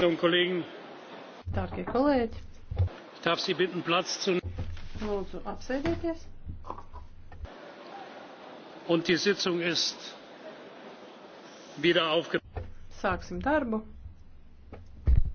Kolleginnen un kolēģi! Dārgie kolēģi! Ich darf Sie bitten, Platz zu nehmen. Lūdzu, apsēdieties. Und die Sitzung ist wieder aufgenommen. Sāksim darbu.